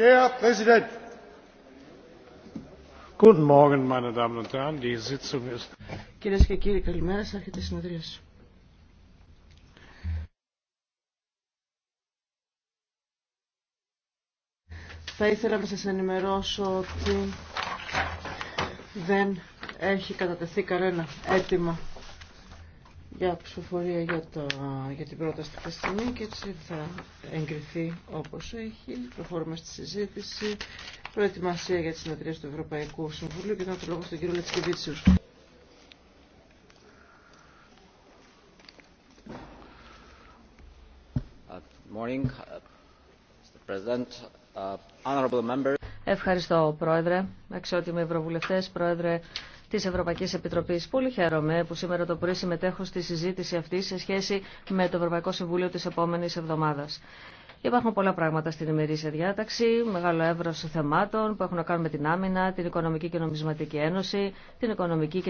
Κύριε Präsident. και κύριοι, καλημέρα σας. Έρχεται συνέδρια. Θα ήθελα να σα ενημερώσω ότι δεν έχει κατατεθεί κανένα αίτημα για ψηφοφορία για, το, για την πρόταση αυτή τη στιγμή και έτσι θα εγκριθεί όπως έχει. Προχωρούμε στη συζήτηση. Προετοιμασία για τι συνεδρίε του Ευρωπαϊκού Συμβουλίου και να το λόγο στον κύριο Λετσκεβίτσιου. Uh, Ευχαριστώ, Πρόεδρε. Αξιότιμοι Ευρωβουλευτές, Πρόεδρε Τη Ευρωπαϊκή Επιτροπή, Πολύ χαίρομαι που σήμερα το πρωί συμμετέχω στη συζήτηση αυτή σε σχέση με το Ευρωπαϊκό Συμβούλιο τη επόμενη εβδομάδα. Υπάρχουν πολλά πράγματα στην ημερήσια διάταξη, μεγάλο εύρο θεμάτων που έχουν να κάνουν με την άμυνα, την Οικονομική και Νομισματική Ένωση, την Οικονομική και